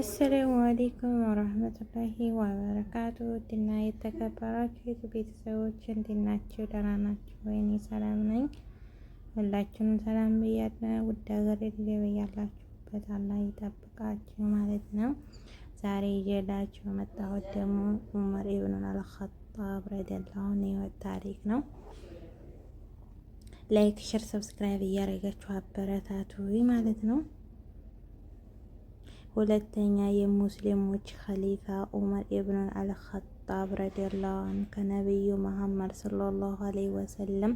አሰላሙ አሌይኩም ወረህመቱላሂ ወበረካቱ ውድና የተከበራችሁ ቤተሰቦች እንዴት ናችሁ? ደህና ናችሁ ወይ? እኔ ሰላም ነኝ። ሁላችሁንም ሰላም ብያለሁ። ውድ ሀገር ያላችሁበት አላህ ይጠብቃችሁ ማለት ነው። ዛሬ ይዤላችሁ የመጣሁት ደግሞ ዑመር ኢብኑል አልኸጣብ ረዲየላሁ ዐንሁ ታሪክ ነው። ላይክ፣ ሸር፣ ሰብስክራይብ እያደረጋችሁ አበረታቱ ማለት ነው። ሁለተኛ የሙስሊሞች ኸሊፋ ዑመር ኢብኑል አልኸጣብ ረዲየላሁ አንሁ ከነቢዩ መሐመድ ሰለላሁ ዐለይሂ ወሰለም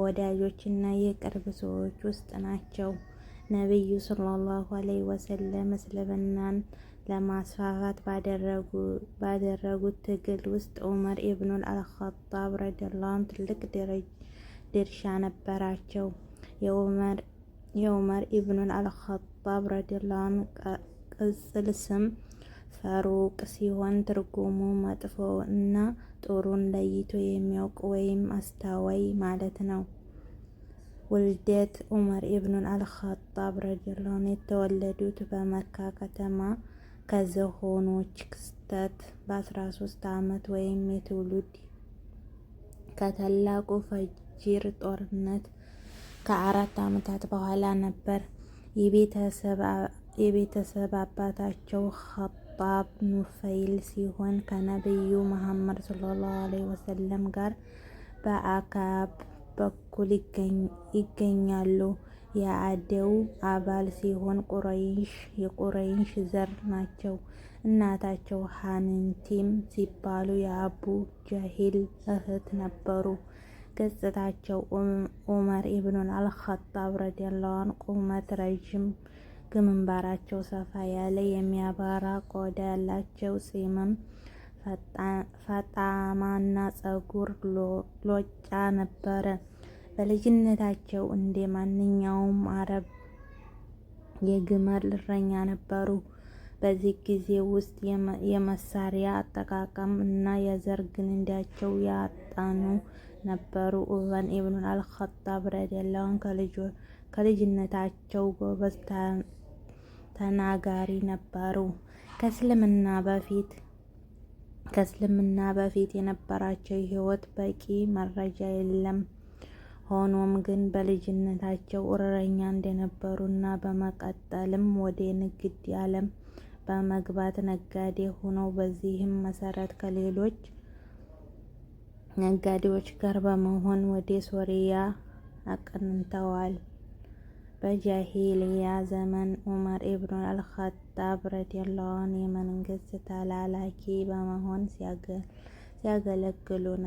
ወዳጆች እና የቅርብ ሰዎች ውስጥ ናቸው። ነቢዩ ሰለላሁ ዐለይሂ ወሰለም እስልምናን ለማስፋፋት ባደረጉት ትግል ውስጥ ዑመር ኢብኑል አልኸጣብ ረዲየላሁ አንሁ ትልቅ ድርሻ ነበራቸው። የዑመር ኢብኑ አልኸጣብ በአብራደላም ቅጽል ስም ፈሩቅ ሲሆን ትርጉሙ መጥፎ እና ጥሩን ለይቶ የሚያውቅ ወይም አስታዋይ ማለት ነው። ውልደት ዑመር ኢብኑን አልኸጣብ ረዲላን የተወለዱት በመካ ከተማ ከዝሆኖች ክስተት በ13 ዓመት ወይም የትውልድ ከታላቁ ፈጅር ጦርነት ከአራት ዓመታት በኋላ ነበር። የቤተሰብ አባታቸው ኸባብ ኑፈይል ሲሆን ከነቢዩ መሐመድ ሰለላሁ ዐለይሂ ወሰለም ጋር በአካብ በኩል ይገኛሉ። የአዴው አባል ሲሆን ቁረይሽ የቁረይሽ ዘር ናቸው። እናታቸው ሐሚምቲም ሲባሉ የአቡ ጀህል እህት ነበሩ። ገጽታቸው ዑመር ኢብኑን አልኸጣብ ረዲየላሁ ዐንሁ ቁመት ረዥም፣ ግንባራቸው ሰፋ ያለ የሚያባራ ቆዳ ያላቸው፣ ጺምም ፈጣማና ጸጉር ሎጫ ነበረ። በልጅነታቸው እንደ ማንኛውም አረብ የግመል እረኛ ነበሩ። በዚህ ጊዜ ውስጥ የመሳሪያ አጠቃቀም እና የዘር ግንዳቸው ያጠኑ ነበሩ። ዑመር ኢብኑ አልኸጣብ ረዲየላሁ ዐንሁ ከልጅነታቸው ጎበዝ ተናጋሪ ነበሩ። ከእስልምና በፊት ከእስልምና በፊት የነበራቸው ህይወት በቂ መረጃ የለም። ሆኖም ግን በልጅነታቸው እረኛ እንደነበሩ እና በመቀጠልም ወደ ንግድ ዓለም በመግባት ነጋዴ ሆኖ በዚህም መሰረት ከሌሎች ነጋዴዎች ጋር በመሆን ወደ ሶሪያ አቅንተዋል። በጃሂልያ ዘመን ዑመር ኢብኑ አልኸጣብ ረዲየላሁ ዐንሁ የመንግስት ተላላኪ በመሆን ሲያገለግሉ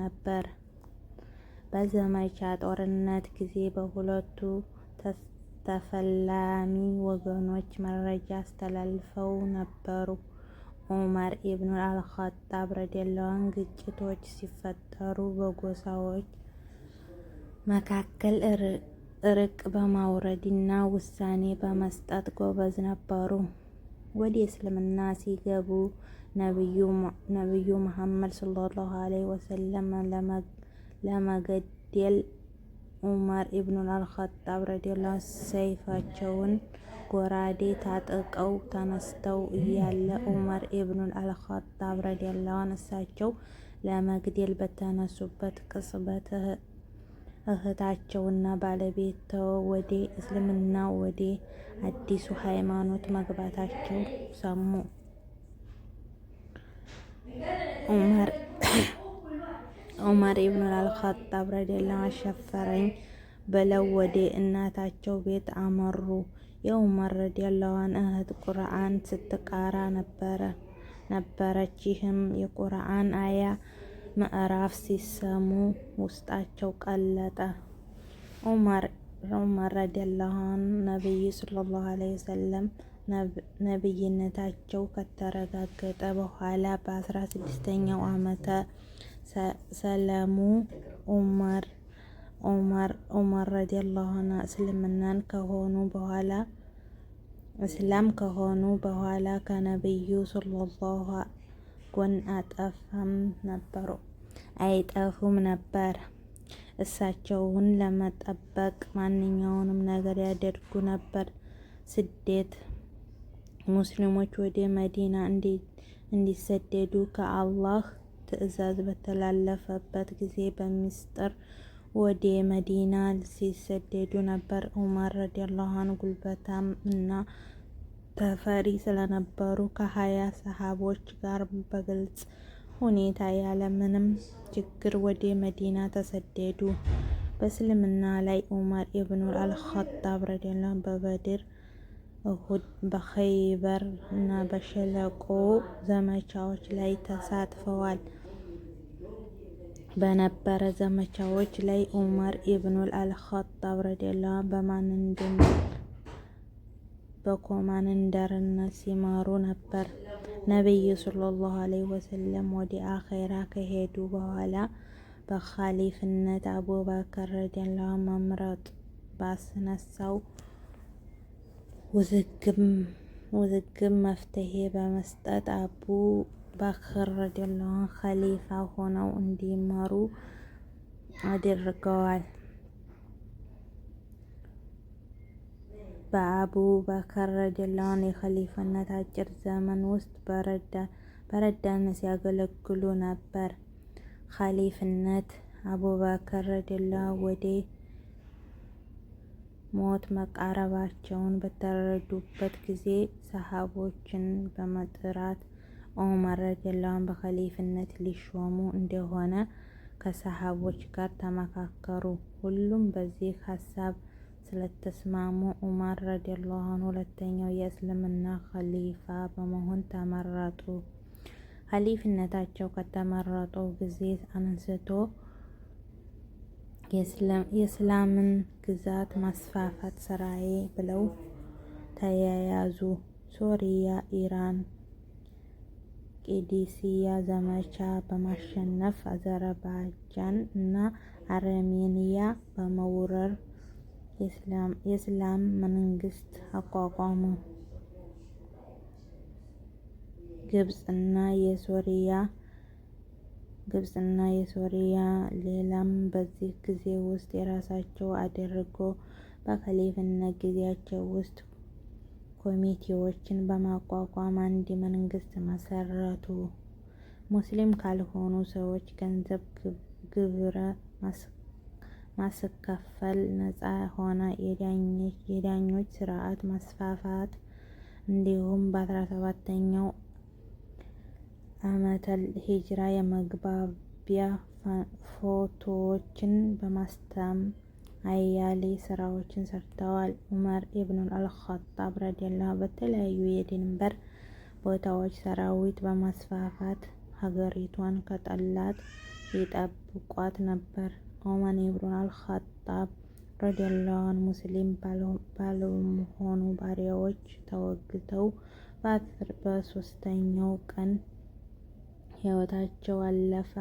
ነበር። በዘመቻ ጦርነት ጊዜ በሁለቱ ተፈላሚ ወገኖች መረጃ አስተላልፈው ነበሩ። ዑመር ኢብኑ አልኸጣብ ረዲየላሁ ግጭቶች ሲፈጠሩ በጎሳዎች መካከል እርቅ በማውረድ ውሳኔ በመስጠት ጎበዝ ነበሩ። ወደ እስልምና ሲገቡ ነቢዩ መሐመድ ሰለላሁ ዐለይሂ ወሰለም ለመገደል ዑመር ኢብኑል አልኸጣብ ረዲላ ሰይፋቸውን ጎራዴ ታጥቀው ተነስተው እያለ ዑመር ኢብኑል አልኸጣብ ረዲላን እሳቸው ለመግደል በተነሱበት ቅጽበት እህታቸውና ባለቤቷ ወደ እስልምና ወደ አዲሱ ሃይማኖት መግባታቸው ሰሙ። ዑመር ዑመር ኢብኑል አልኸጣብ ረዲየላሁ ዐንሁ አሻፈረኝ ብለው ወደ እናታቸው ቤት አመሩ። የዑመር ረዲየላሁ ዐንሁ እህት ቁርአን ስትቃራ ነበረች። ይህም የቁርአን አያ ምዕራፍ ሲሰሙ ውስጣቸው ቀለጠ። ዑመር ረዲየላሁ ዐንሁ ነቢዩ ሰለላሁ ዐለይሂ ወሰለም ነብይነታቸው ከተረጋገጠ በኋላ በአስራ ስድስተኛው ዓመተ ሰለሙ ዑመር ዑመር ዑመር ረዲየላሁ ዐንሁ እስልምናን ከሆኑ በኋላ እስላም ከሆኑ በኋላ ከነብዩ ሰለላሁ ጎን አጠፋም ነበሩ አይጠፉም ነበር። እሳቸውን ለመጠበቅ ማንኛውንም ነገር ያደርጉ ነበር። ስደት ሙስሊሞች ወደ መዲና እንዲሰደዱ ከአላህ ትዕዛዝ በተላለፈበት ጊዜ በሚስጥር ወደ መዲና ሲሰደዱ ነበር። ዑመር ረዲየላሁ ዐንሁ ጉልበታም እና ተፈሪ ስለነበሩ ከሀያ ሰሃቦች ጋር በግልጽ ሁኔታ ያለ ምንም ችግር ወደ መዲና ተሰደዱ። በእስልምና ላይ ዑመር ኢብኑ አልኸጣብ ረዲየላሁ በበድር፣ እሁድ፣ በኸይበር እና በሸለቆ ዘመቻዎች ላይ ተሳትፈዋል። በነበረ ዘመቻዎች ላይ ዑመር ኢብኑል አልኸጣብ ረዲየላሁ ዐንሁ በማንደር በኮማንደርነት ሲመሩ ነበር። ነብዩ ሰለላሁ ዐለይሂ ወሰለም ወደ አኼራ ከሄዱ በኋላ በኻሊፍነት አቡበከር ረዲየላሁ ዐንሁ መምረጥ ባስነሳው ውዝግብ መፍትሄ በመስጠት አቡ አቡበክር ረዲየላሁ ኸሊፋ ሆነው እንዲመሩ አድርገዋል። በአቡ ረዲየላሁ ዐንሁ የኸሊፍነት አጭር ዘመን ውስጥ በረዳነት ሲያገለግሉ ነበር። ኸሊፍነት አቡበክር ረዲየላሁ ወደ ሞት መቃረባቸውን በተረዱበት ጊዜ ሰሃቦችን በመጥራት ዑመር ረዲየላሁ ዐንሁ በኸሊፍነት ሊሾሙ እንደሆነ ከሰሃቦች ጋር ተመካከሩ። ሁሉም በዚህ ሀሳብ ስለተስማሙ ዑመር ረዲየላሁ አንሁ ሁለተኛው የእስልምና ኸሊፋ በመሆን ተመረጡ። ኸሊፍነታቸው ከተመረጡ ጊዜ አንስቶ የእስላምን ግዛት ማስፋፋት ስራዬ ብለው ተያያዙ። ሶሪያ፣ ኢራን የቄዴሲያ ዘመቻ በማሸነፍ አዘርባጃን እና አርሜኒያ በመውረር የእስላም መንግስት አቋቋሙ። ግብጽና የሶሪያ ሌላም በዚህ ጊዜ ውስጥ የራሳቸው አድርጎ በከሊፍነት ጊዜያቸው ውስጥ ኮሚቴዎችን በማቋቋም አንድ መንግስት መሰረቱ። ሙስሊም ካልሆኑ ሰዎች ገንዘብ ግብረ ማስከፈል ነጻ ሆነ። የዳኞች ስርዓት ማስፋፋት እንዲሁም በ17ኛው አመተ ሂጅራ የመግባቢያ ፎቶዎችን በማስተም አያሌ ስራዎችን ሰርተዋል። ዑመር ኢብኑል አልኸጣብ ረዲየላሁ በተለያዩ የድንበር ቦታዎች ሰራዊት በማስፋፋት ሀገሪቷን ከጠላት ይጠብቋት ነበር። ዑመር ኢብኑ አልኸጣብ ረዲየላሁ ሙስሊም ባልሆኑ ባሪያዎች ተወግተው በሶስተኛው ቀን ህይወታቸው አለፈ።